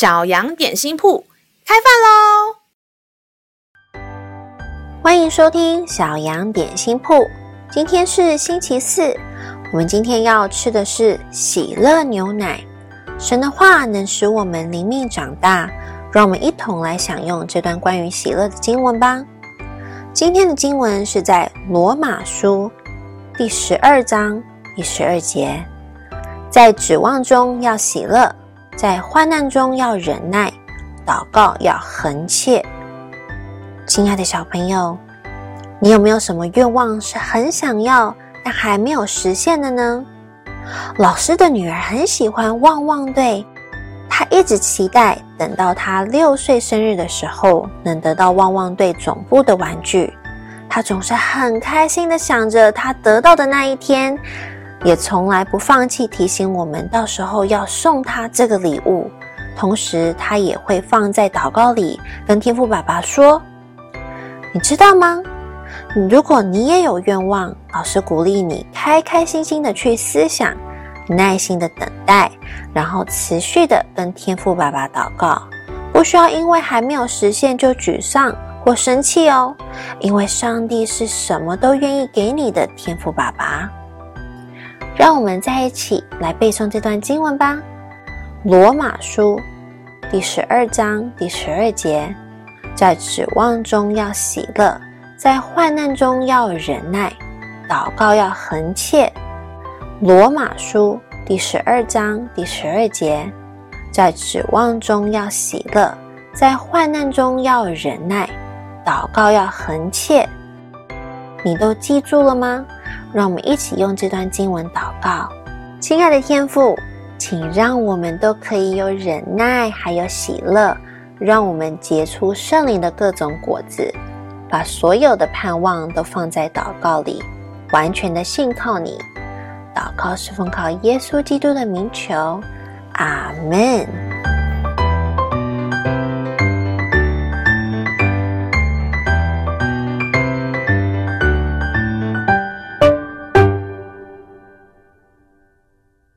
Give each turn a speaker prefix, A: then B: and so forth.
A: 小羊點心鋪開飯嘍！歡迎收聽小羊點心鋪。今天是星期四，我們今天要吃的是喜樂牛奶。神的話能使我們靈命長大，讓我們一同來享用這段關於喜樂的經文吧。今天的經文是在羅馬書第十二章第十二節，在指望中要喜樂。在患難中要忍耐，禱告要恆切。親愛的小朋友，你有沒有什麼願望是很想要但還沒有實現的呢？老師的女兒很喜歡《汪汪隊》，她一直期待等到她六歲生日的時候能得到《汪汪隊》總部的玩具。她總是很開心地想着她得到的那一天。也從來不放棄提醒我們，到時候要送他這個禮物。同時，他也會放在禱告裡跟天父爸爸說：“你知道嗎？如果你也有願望，老師鼓勵你開開心心的去思想，耐心的等待，然後持續的跟天父爸爸禱告。不需要因為還沒有實現就沮喪或生氣哦，因為上帝是什麼都願意給你的天父爸爸。”讓我們再一起來背誦這段經文吧，《羅馬書》第十二章第十二節，在指望中要喜樂，在患難中要忍耐，禱告要恆切。《羅馬書》第十二章第十二節，在指望中要喜樂，在患難中要忍耐，禱告要恆切。你都記住了嗎？讓我們一起用這段經文禱告，親愛的天父，請讓我們都可以有忍耐，還有喜樂，讓我們結出聖靈的各種果子，把所有的盼望都放在禱告裡，完全的信靠你。禱告是奉靠耶穌基督的名求，阿們。